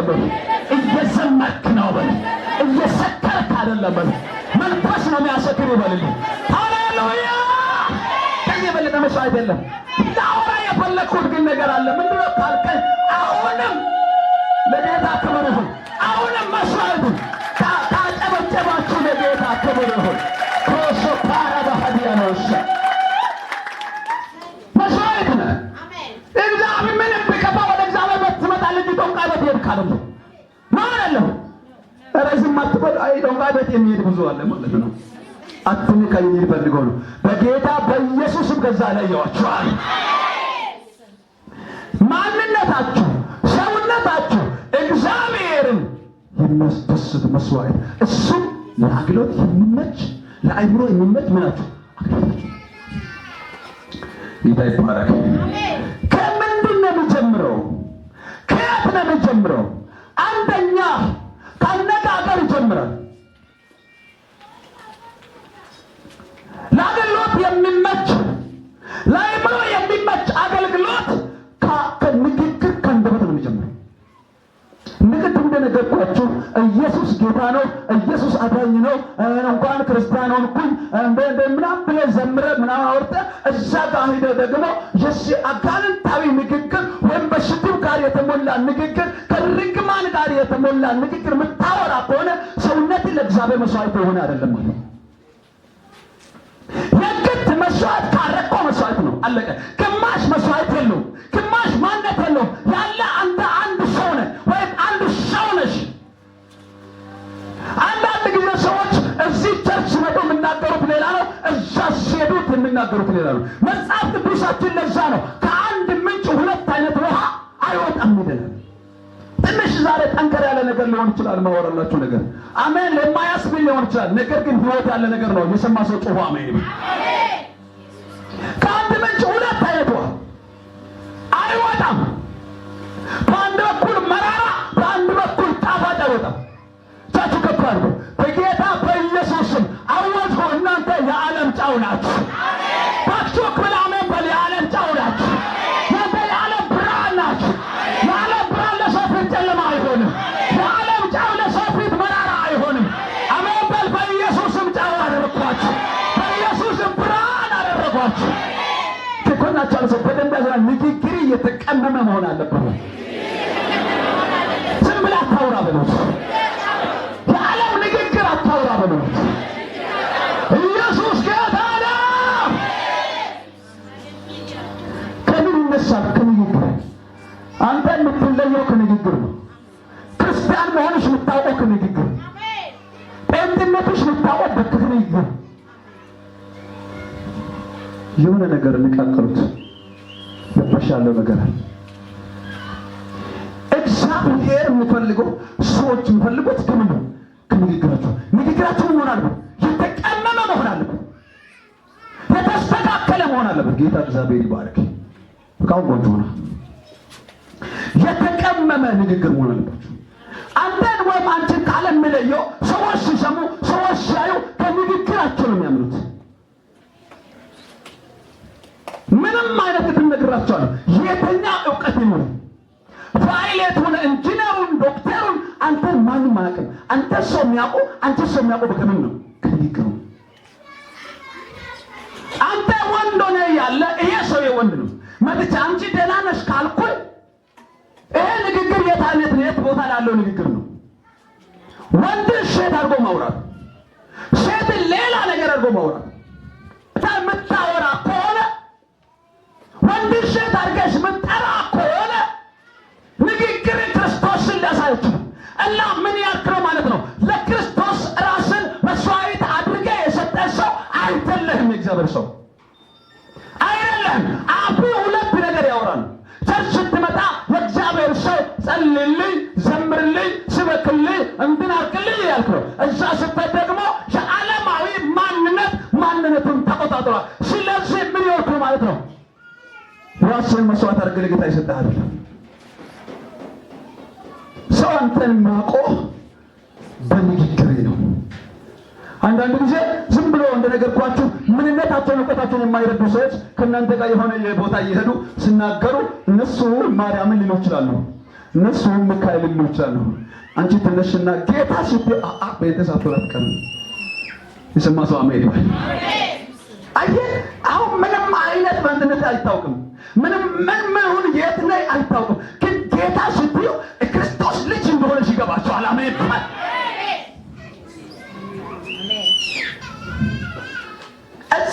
አይደለም። እየዘመክ ነው በል። እየሰከርክ አይደለም በል። መንፈስ ነው የሚያሰክር ይበልልኝ። ሃሌሉያ። ከዚህ የበለጠ መስዋዕት አይደለም። ላውራ የፈለግኩት ግን ነገር አለ። ምንድነው ካልከኝ አሁንም ለጌታ ክብር ይሁን። አሁንም መስዋዕት በእንባ ቤት የሚሄድ ብዙ አለ ማለት ነው። ነው። በጌታ በኢየሱስም ከዛ ማንነታችሁ፣ ሰውነታችሁ እግዚአብሔርን የሚያስደስት መስዋዕት፣ እሱም ለአግሎት የሚመች ለአይምሮ የሚመች ምናችሁ ጌታ ይባረክ። ከምንድን ነው የሚጀምረው? ከየት ነው የሚጀምረው? አንደኛ ከአነጋገር ይጀምራል። ለአገልግሎት የሚመች ለአእምሮ የሚመች አገልግሎት ከንግግር ከአንደበት ነው የሚጀምረው። ንግድ እንደነገርኳችሁ ኢየሱስ ጌታ ነው፣ ኢየሱስ አዳኝ ነው፣ እንኳን ክርስቲያን ሆንኩኝ ምናምን ብለህ ዘምረህ ምናምን አውርተህ እዛ ጋር ሂደህ ደግሞ የሺ አጋንንታዊ ንግግር ወይም በሽቱም ጋር የተሞላ ንግግር ከርግማን ጋር የተሞላ ንግግር የምታወራ ከሆነ ሰውነትን ለእግዚአብሔር መስዋዕት የሆነ አይደለም ማለት ነው። የግድ መስዋዕት ካረቀው መስዋዕት ነው። አለቀ። ግማሽ መስዋዕት የለውም። ግማሽ ማነት የለው ያለ አንተ አንድ ሰው ነህ ወይም አንድ ሰው ነሽ። አንዳንድ ጊዜ ሰዎች እዚህ ቸርች መጡ የሚናገሩት ሌላ ነው፣ እዛ ሲሄዱት የሚናገሩት ሌላ ነው። መጽሐፍ ቅዱሳችን ለዛ ነው ከአንድ ምንጭ ሁለት አይነት ውሃ አይወጣም ይደናል ትንሽ ዛሬ ጠንከር ያለ ነገር ሊሆን ይችላል። ማወራላችሁ ነገር አሜን ለማያስብል ሊሆን ይችላል። ነገር ግን ህይወት ያለ ነገር ነው። የሰማ ሰው ጮሆ አሜን ይበል። ከአንድ ምንጭ ሁለት አይነት አይወጣም። በአንድ በኩል መራራ፣ በአንድ በኩል ጣፋጭ አይወጣም። እጃችሁ ከፍ በጌታ በኢየሱስም አወጅሁ እናንተ የዓለም ጫው ናችሁ። የሆነ ንግግር እየተቀመመ መሆን አለበት። ዝም ብለህ አታውራ በሉት። የዓለም ንግግር አታውራ በሉት። ኢየሱስ ጌታ ነው። ከምን ይነሳል? ከንግግር። አንተ የምትለየው ከንግግር ነው። ክርስቲያን መሆንሽ የምታውቀው ከንግግር፣ ጴንጤነትሽ የምታውቀው በንግግር። የሆነ ነገር ልቃቀሉት ያለው ነገር አለ። እግዚአብሔር የሚፈልገው ሰዎች የሚፈልጉት ግን ነው ከንግግራቸው ንግግራቸው መሆን አለበት፣ የተቀመመ መሆን አለበት፣ የተስተካከለ መሆን አለበት። ጌታ እግዚአብሔር ይባረክ። በቃም ቆንጆ ሆነ። የተቀመመ ንግግር መሆን አለባቸው። አንተን ወይም አንቺን ካለ የሚለየው ሰዎች ሲሰሙ ሰዎች ሲያዩ ከንግግራቸው ነው የሚያምኑት። ምንም አይነት ትነግራቸዋል። የተኛ እውቀት ይኑር ፋይል ሆነ ኢንጂነሩን ዶክተሩን አንተ ማንም አያውቅም። አንተ ሰው የሚያውቁ አንተ ሰው የሚያውቁ በከምን ነው ከንግግሩ። አንተ ወንድ ሆነ ያለ ይሄ ሰው የወንድ ነው መጥቼ አንቺ ደህና ነሽ ካልኩኝ ይሄ ንግግር የት አይነት የት ቦታ ላለው ንግግር ነው? ወንድ ሼት አድርጎ ማውራት፣ ሼትን ሌላ ነገር አድርጎ ማውራት አድርገሽ ምጠራ ከሆነ ንግግር ክርስቶስን ሊያሳያችሁ እና ምን ያክል ማለት ነው። ለክርስቶስ ራስን መስዋዕት አድርገ የሰጠ ሰው አይደለህም። የእግዚአብሔር ሰው አይደለህም። አፉ ሁለት ነገር ያወራል። ቸርች ስትመጣ የእግዚአብሔር ሰው ጸልልኝ፣ ዘምርልኝ፣ ስበክልኝ፣ እንትን አርቅልኝ እያልክ ነው። እዛ ስትሄድ ደግሞ የዓለማዊ ማንነት ማንነቱን ተቆጣጥሯል። ስለዚህ ምን ይወርኩ ማለት ነው ራስን መስዋዕት አድርገህ ለጌታ የሰጠህ አይደለም። ሰው አንተን ማቆህ በንግግሬ ነው። አንዳንድ ጊዜ ዝም ብሎ እንደነገርኳችሁ ምንነት ምንነታቸውን እውቀታቸውን የማይረዱ ሰዎች ከእናንተ ጋር የሆነ የቦታ እየሄዱ ሲናገሩ እነሱ ማርያምን ሊሉ ይችላሉ፣ እነሱ ሚካኤልን ሊሉ ይችላሉ። አንቺ ትነሽና ጌታ ሲቴ ቤተሰብ አትቀርም። የሰማ ሰው አሜን ይባል። ማንነት አይታወቅም። ምንም ምን ምሁን የት ላይ አይታወቅም። ግን ጌታ ስትዩ ክርስቶስ ልጅ እንደሆነ ይገባቸዋል። አሜን።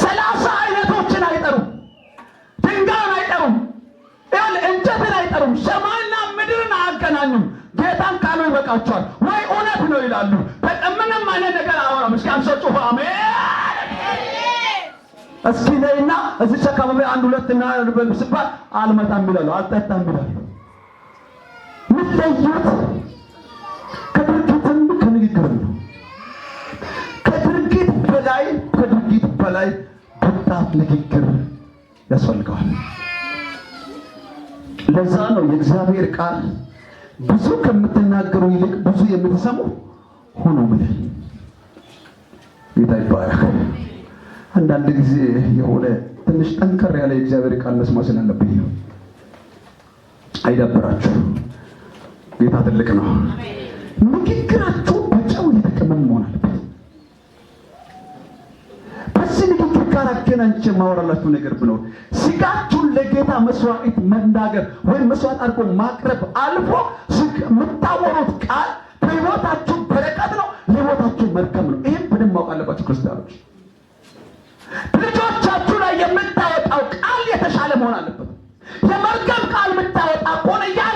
ሰላሳ አይነቶችን አይጠሩም፣ ድንጋዩን አይጠሩም፣ እንጨትን አይጠሩም፣ ሰማይና ምድርን አያገናኙም። ጌታን ካሉ ይበቃቸዋል። ወይ እውነት ነው ይላሉ። ምንም አይነት ነገር አወራም። እስኪ አንሶ አሜን እስኪ ነይና እዚች አካባቢ አንድ ሁለት እና ልበል ስባል አልመጣም ይላሉ፣ አልጠጣም ይላሉ። የምትለዩት ከድርጊትም ከንግግር ነው። ከድርጊት በላይ ከድርጊት በላይ በጣም ንግግር ያስፈልገዋል። ለዛ ነው የእግዚአብሔር ቃል ብዙ ከምትናገሩ ይልቅ ብዙ የምትሰሙ ሆኖ ምን ጌታ ይባረክ። አንዳንድ ጊዜ የሆነ ትንሽ ጠንከር ያለ የእግዚአብሔር ቃል መስማት ስላለብኝ ነው። አይዳበራችሁ። ጌታ ትልቅ ነው። ንግግራችሁ በጨው የተቀመመ መሆን አለበት። በዚህ ንግግር ጋር አገናኝቼ የማወራላችሁ ነገር ብኖር ስጋችሁን ለጌታ መስዋዕት መናገር ወይም መስዋዕት አድርጎ ማቅረብ አልፎ የምታወሩት ቃል በሕይወታችሁ በረቀት ነው፣ ለሕይወታችሁ መልካም ነው። ይህም በደንብ ማወቅ አለባችሁ ክርስቲያኖች። upon a young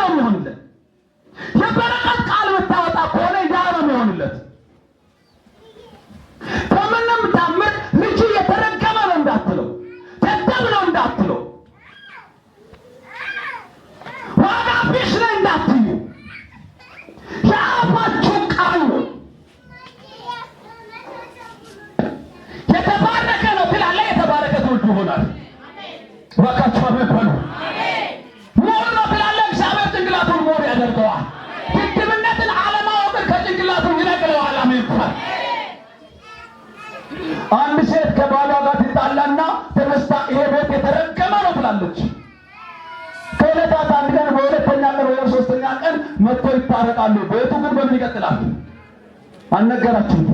አልነገራችሁም።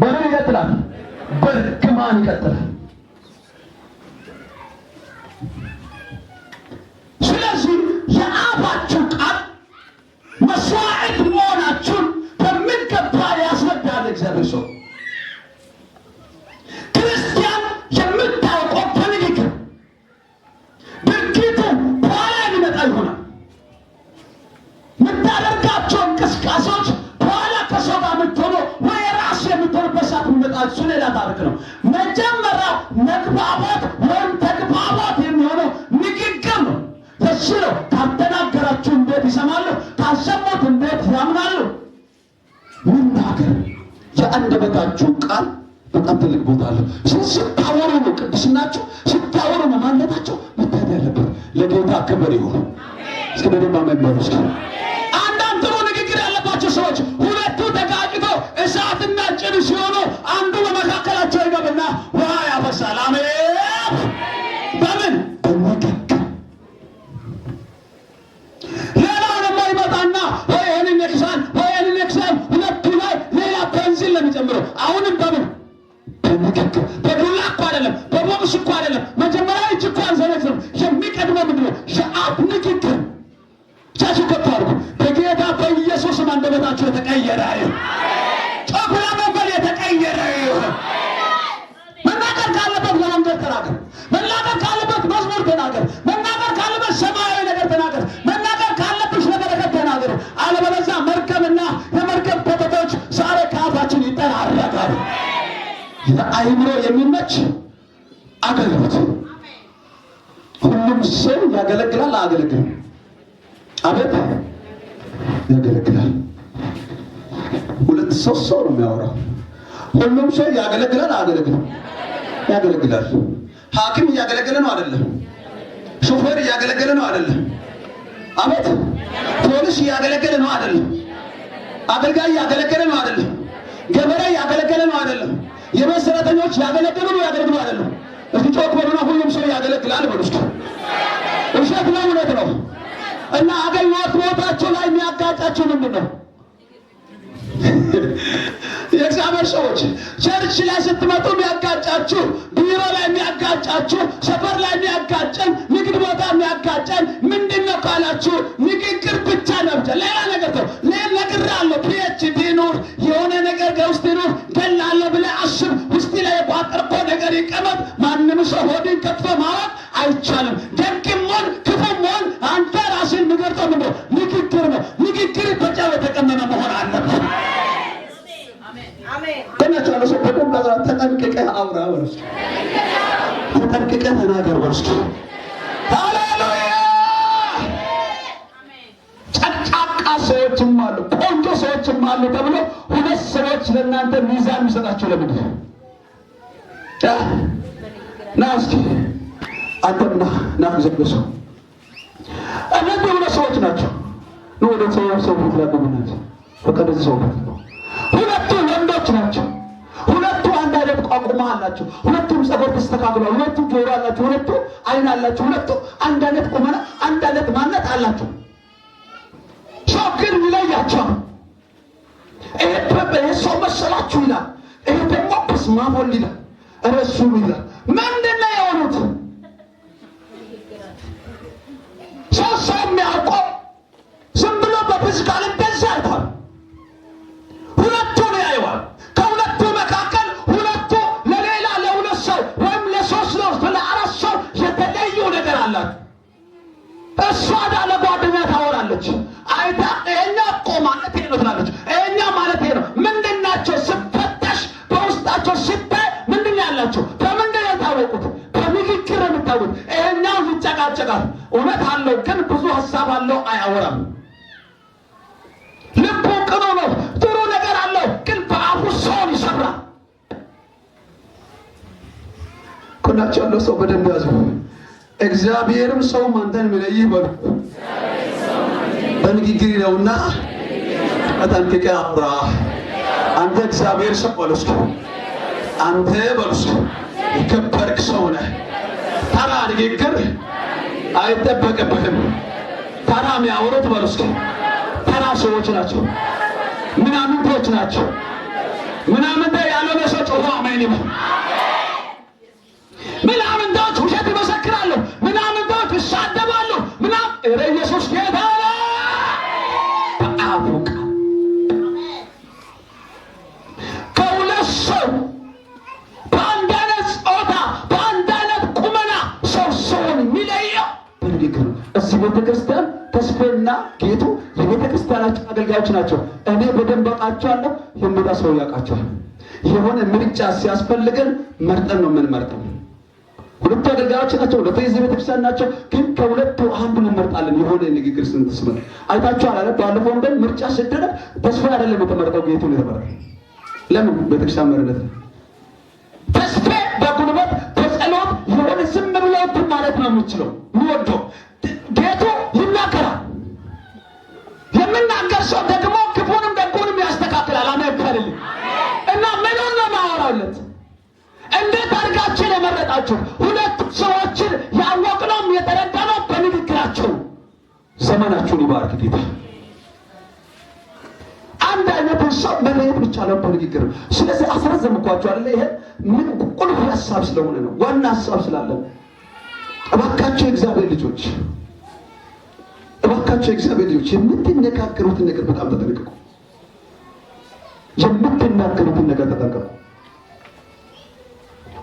በምን ይቀጥላል? በርግማን ይቀጥላል። ማለት ነው። መጀመሪያ መግባባት ወይም ተግባባት የሚሆነው ንግግር ነው። ተሽሎ ካተናገራችሁ እንዴት ይሰማሉ? ካሰሙት እንዴት ያምናሉ? መናገር የአንደበታችሁ ቃል በጣም ትልቅ ቦታ አለ። ስታወሩ ነው ቅድስናችሁ፣ ስታወሩ ነው ማንነታቸው መታየት ያለበት። ለጌታ ክብር ይሁን። እስከ በደንብ አመን በሉ እስኪ አገልግሎት ሁሉም ሰው ያገለግላል። አገልግል አቤት ያገለግላል። ሁለት ሰው ሰው ነው የሚያወራው። ሁሉም ሰው ያገለግላል። አገልግል ያገለግላል። ሐኪም እያገለገለ ነው አይደለም? ሹፌር እያገለገለ ነው አይደለም? አቤት ፖሊስ እያገለገለ ነው አይደለም? አገልጋይ እያገለገለ ነው አይደለም? ገበሬ እያገለገለ ነው አይደለም? የመሰረተኞች ያገለገሉ ነው ያገለግሉ አይደለም? እፍጮት ሆኖ ሁሉም ሰው ያገለግላል። እስቲ እሸት ነው፣ እውነት ነው እና አገልግሎት ሞታቸው ላይ የሚያጋጫቸው ምንድን ነው? ሰዎች ቸርች ላይ ስትመጡ የሚያጋጫችሁ፣ ቢሮ ላይ የሚያጋጫችሁ፣ ሰፈር ላይ የሚያጋጨን፣ ንግድ ቦታ የሚያጋጨን ምንድን ነው ካላችሁ ንግግር ብቻ ነው። ብቻ ሌላ ነገር ተው። ነገር አለ ፒኤች ዲኑር የሆነ ነገር ከውስጥ ኑር ገላለ አለ ብለህ አስብ። ውስጥ ላይ የቋጠርኮ ነገር ይቀመጥ። ማንም ሰው ሆድን ከፍቶ ማወቅ አይቻልም። ደንቅም ሆን ክፉም ሆን አንተ ራስን ምገርጠ ምንድ ንግግር ነው። ንግግር በጫ የተቀመመ መሆን አለበት። ገናቸዋለሽ ተቆም ተጠንቅቀህ አውራ ወለስ ተጠንቅቀህ ተናገር ወለስ ሃሌሉያ። ሰዎችም አሉ፣ ቆንጆ ሰዎችም አሉ ተብሎ ሁለት ሰዎች ለእናንተ ሚዛን የሚሰጣቸው ለምንድን ና እስኪ አንተና ና ዘግበሱ እነዚህ ሁለት ሰዎች ናቸው። ወደ ሰው ሰው ሁላ ፈቀደ ሰው ቋንቁማ አላችሁ፣ ሁለቱም ጸጉር ተስተካክሏል፣ ሁለቱ ጆሮ አላችሁ፣ ሁለቱ አይን አላችሁ፣ ሁለቱ አንድ አይነት ቁመና፣ አንድ አይነት ማነት አላችሁ። ሰው ግን ይለያቸዋል። ይሄ ሰው መሰላችሁ ይላል፣ ይሄ ደግሞ በስመ ይላል፣ ረሱ ይላል። ምንድን ነው የሆኑት? ሰው ሰው የሚያውቀው ዝም ብሎ በፊዚካልም እሷ ዳለ ጓደኛ ታወራለች። አይታ ይሄኛ እኮ ማለት ነው ትላለች። ይሄኛ ማለት ነው ምንድናቸው? ስፈተሽ በውስጣቸው ሲታይ ምንድን ያላቸው በምንድን የታወቁት? በንግግር የምታወቁት። ይሄኛው ይጨቃጨቃል፣ እውነት አለው፣ ግን ብዙ ሀሳብ አለው፣ አያወራም። ልቡ ቅኑ ነው፣ ጥሩ ነገር አለው፣ ግን በአፉ ሰውን ይሰብራል። ቁናቸው ያለው ሰው በደንብ ያዙ። እግዚአብሔርም ሰው አንተን የሚለይህ በሉ በንግግር ነውና ተጠንቅቀህ አውራ። አንተ እግዚአብሔር ሰው በሉ እስኪ አንተ በሉ እስኪ የከበርክ ሰው ነህ። ተራ ንግግር አይጠበቅብህም። ተራ የሚያወሩት በሉ እስኪ ተራ ሰዎች ናቸው፣ ምናምንቶች ናቸው። ምናምንቴ ያልሆነ ሰው ጮሆ አሜን ይበል። እዚህ ቤተክርስቲያን ተስፌና ጌቱ የቤተክርስቲያናችን አገልጋዮች ናቸው። እኔ በደንብ አውቃቸዋለሁ። የምዳ ሰው ያውቃቸዋል። የሆነ ምርጫ ሲያስፈልገን መርጠን ነው የምንመርጠው። ሁለቱ አገልጋዮች ናቸው፣ ሁለቱ የዚህ ቤተክርስቲያን ናቸው። ግን ከሁለቱ አንዱን እንመርጣለን። የሆነ ንግግር ስንትስመ አይታችኋል አለ ባለፈው ንበን ምርጫ ሲደረግ ተስፋ አይደለም የተመረጠው ጌቱ ነው የተመረጠው። ለምን ቤተክርስቲያን መሪነት ተስፌ በጉልበት በጸሎት የሆነ ዝም ብሎ እንትን ማለት ነው የምችለው ወዶ ጌቱ ይናገራል። የምናገር ሰው ደግሞ ክፉንም ደጉንም ያስተካክላል። አመከልል እና ምንን ነው ማወራለት? እንዴት አድርጋችን የመረጣቸው ሁለት ሰዎችን ያወቅነውም የተረዳነው በንግግራቸው። ዘመናችሁን ይባርክ ጌታ። መለየት ብቻ ነበር ንግግር። ስለዚህ አስረዘምኳቸው አለ። ይሄ ምን ቁልፍ ሀሳብ ስለሆነ ነው፣ ዋና ሀሳብ ስላለ እባካቸው የእግዚአብሔር ልጆች፣ እባካቸው የእግዚአብሔር ልጆች የምትነጋገሩትን ነገር በጣም ተጠንቀቁ። የምትናገሩትን ነገር ተጠንቀቁ።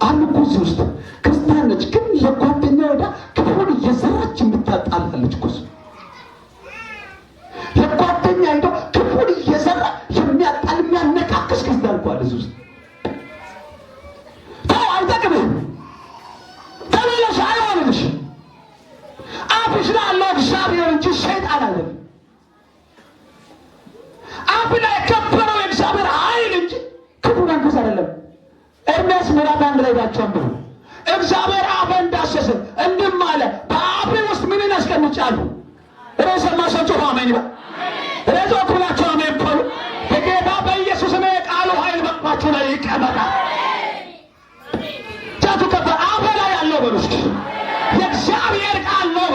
አንድ ኩስ ውስጥ ክርስቲያን ነች፣ ግን የጓደኛ ወዳ ክፉን እየዘራች የምታጣላለች ኩስ Jesus.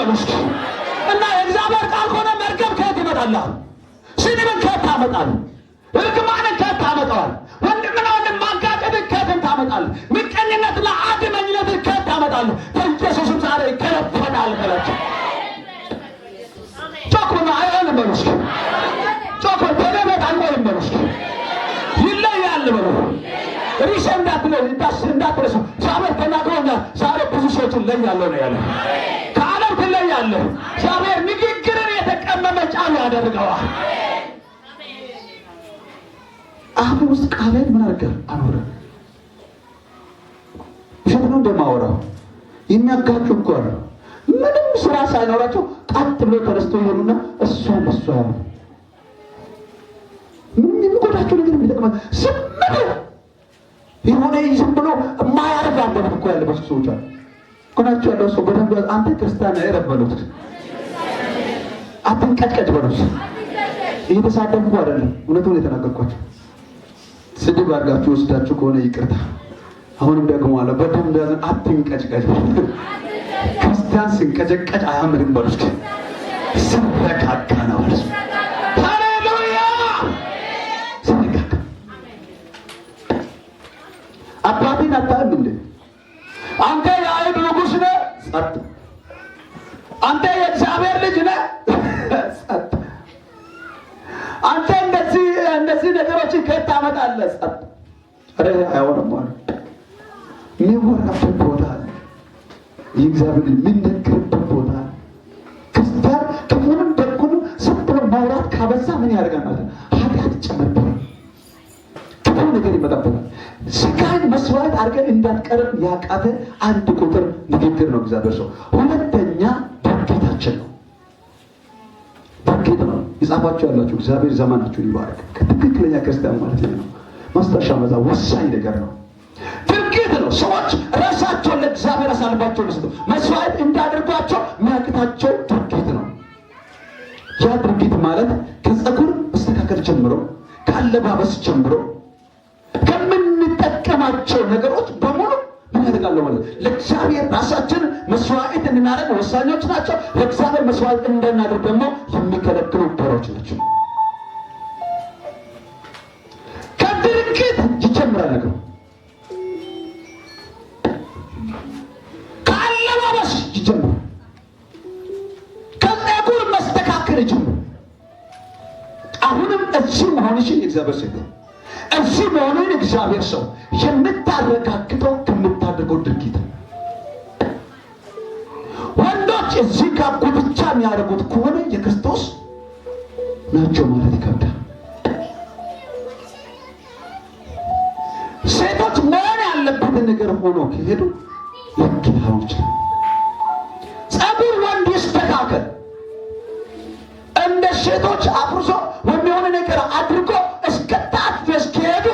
በል ውስጥ እና የእግዚአብሔር ቃል ከሆነ መርገም ከየት ይመጣልሃል? ስድብን ከየት ታመጣለህ? እርግማንን ከየት ታመጣዋል? ወንድምና ወንድም ማጋጨትን ከየትን ታመጣለህ? ምቀኝነትና አድመኝነትን ከየት ታመጣለህ? በኢየሱስም ዛሬ ይከለፈናል በለች። ጮኩና አይሆንም በል ውስጥ ጮኩ በቤት አንቆይም በል ውስጥ ይለያል በለ ሪሰ እንዳትለ እንዳትረሱ ዛሬ ተናግሮኛል። ዛሬ ብዙ ሰዎችን ለያለው ነው ያለ ከሌላው ትለያለህ። እግዚአብሔር ንግግርን የተቀመመ ጫሉ ያደርገዋል። አፍ ውስጥ ቃለን ምን አድርገ አኖረ። ውሸት ነው እንደማወራው የሚያጋጩ እኮ ነው። ምንም ስራ ሳይኖራቸው ጣት ብሎ ተነስቶ ይሆኑና እሷን እሷ ምን የሚጎዳቸው ነገር የሚጠቅመ ዝም ብሎ የሆነ ዝም ብሎ የማያርፍ ያለበት እኮ ያለበት ሰዎች አሉ። ጎናቸው ያለው ሰው በደንብ አንተ ክርስቲያን ነህ ረበሉት። አትንቀጭቀጭ በሉት። እየተሳደብኩ አይደለም፣ እውነቱን የተናገርኳቸው። ስድብ አድርጋችሁ ወስዳችሁ ከሆነ ይቅርታ። አሁንም ደግሞ አለ በደንብ ያዘን። አትንቀጭቀጭ ክርስቲያን ስንቀጨቀጭ አያምርም በሉት። እግዚአብሔር የሚነገርበት ቦታ ክርስቲያን ክፉንም ደጉንም ዝም ብሎ ማውራት ካበዛ ምን ያደርጋል ማለት ነው? ኃጢአት ይጨመርበታል፣ ክፉ ነገር ይመጣበታል። ስጋን መስዋዕት አድርገን እንዳትቀርብ ያቃተ አንድ ቁጥር ንግግር ነው እግዚአብሔር ሰው። ሁለተኛ ድርጊታችን ነው፣ ድርጊት ነው። የጻፋችሁ ያላችሁ እግዚአብሔር ዘመናችሁን ይባርክ። ትክክለኛ ክርስቲያን ማለት ነው። ማስታወሻ መዛ ወሳኝ ነገር ነው። ድርጊት ነው። ሰዎች ራሳቸውን ለእግዚአብሔር አሳልፋቸው መስጠው መስዋዕት እንዳደርጓቸው ሚያቅታቸው ድርጊት ነው። ያ ድርጊት ማለት ከጸጉር መስተካከል ጀምሮ ከአለባበስ ጀምሮ ከምንጠቀማቸው ነገሮች በሙሉ ምን ያደርጋለሁ ማለት ለእግዚአብሔር ራሳችን መስዋዕት እንድናደርግ ወሳኞች ናቸው። ለእግዚአብሔር መስዋዕት እንዳናደርግ ደግሞ የሚከለክሉ በሮች ናቸው። ከድርጊት ይጀምራል ነገሩ ጀምሩ፣ ከፀጉር መስተካከል ጀምሩ። አሁንም እዚህ መሆንሽን የእግዚአብሔር ሴት እዚህ መሆንን እግዚአብሔር ሰው የምታረጋግጠው ከምታደርገው ድርጊት ወንዶች እዚህ ጋር ጉብቻ የሚያደርጉት ከሆነ የክርስቶስ ናቸው ማለት ይከብዳል። ሴቶች መሆን ያለበትን ነገር ሆኖ ከሄዱ ልክ ይችላል። ሰዎች አፍርሶ ወይም ነገር አድርጎ እስከ ጣት ድረስ ከሄዱ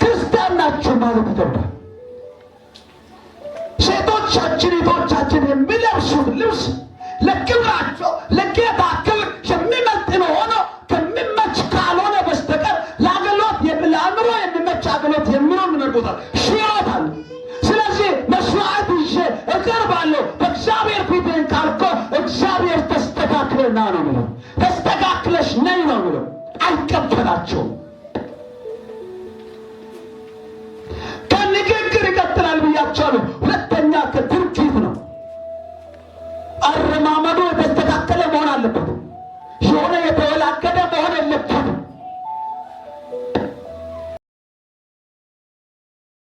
ክርስቲያን ናቸው ማለት ይገባል። ሴቶቻችን ቶቻችን የሚለብሱት ልብስ ለክብራቸው ለጌታ ክብር የሚመጥን ሆኖ ከሚመች ካልሆነ በስተቀር ለአገሎት ለአእምሮ የሚመች አገሎት የሚሆን ምንርቦታል ሽሮታል። ስለዚህ መስዋዕት ይዤ እቀርባለሁ በእግዚአብሔር ፊትን ካልኮ እግዚአብሔር ተስተካክለና ነው ምለው ተቀበላቸው። ከንግግር ይቀጥላል ብያቸዋለሁ።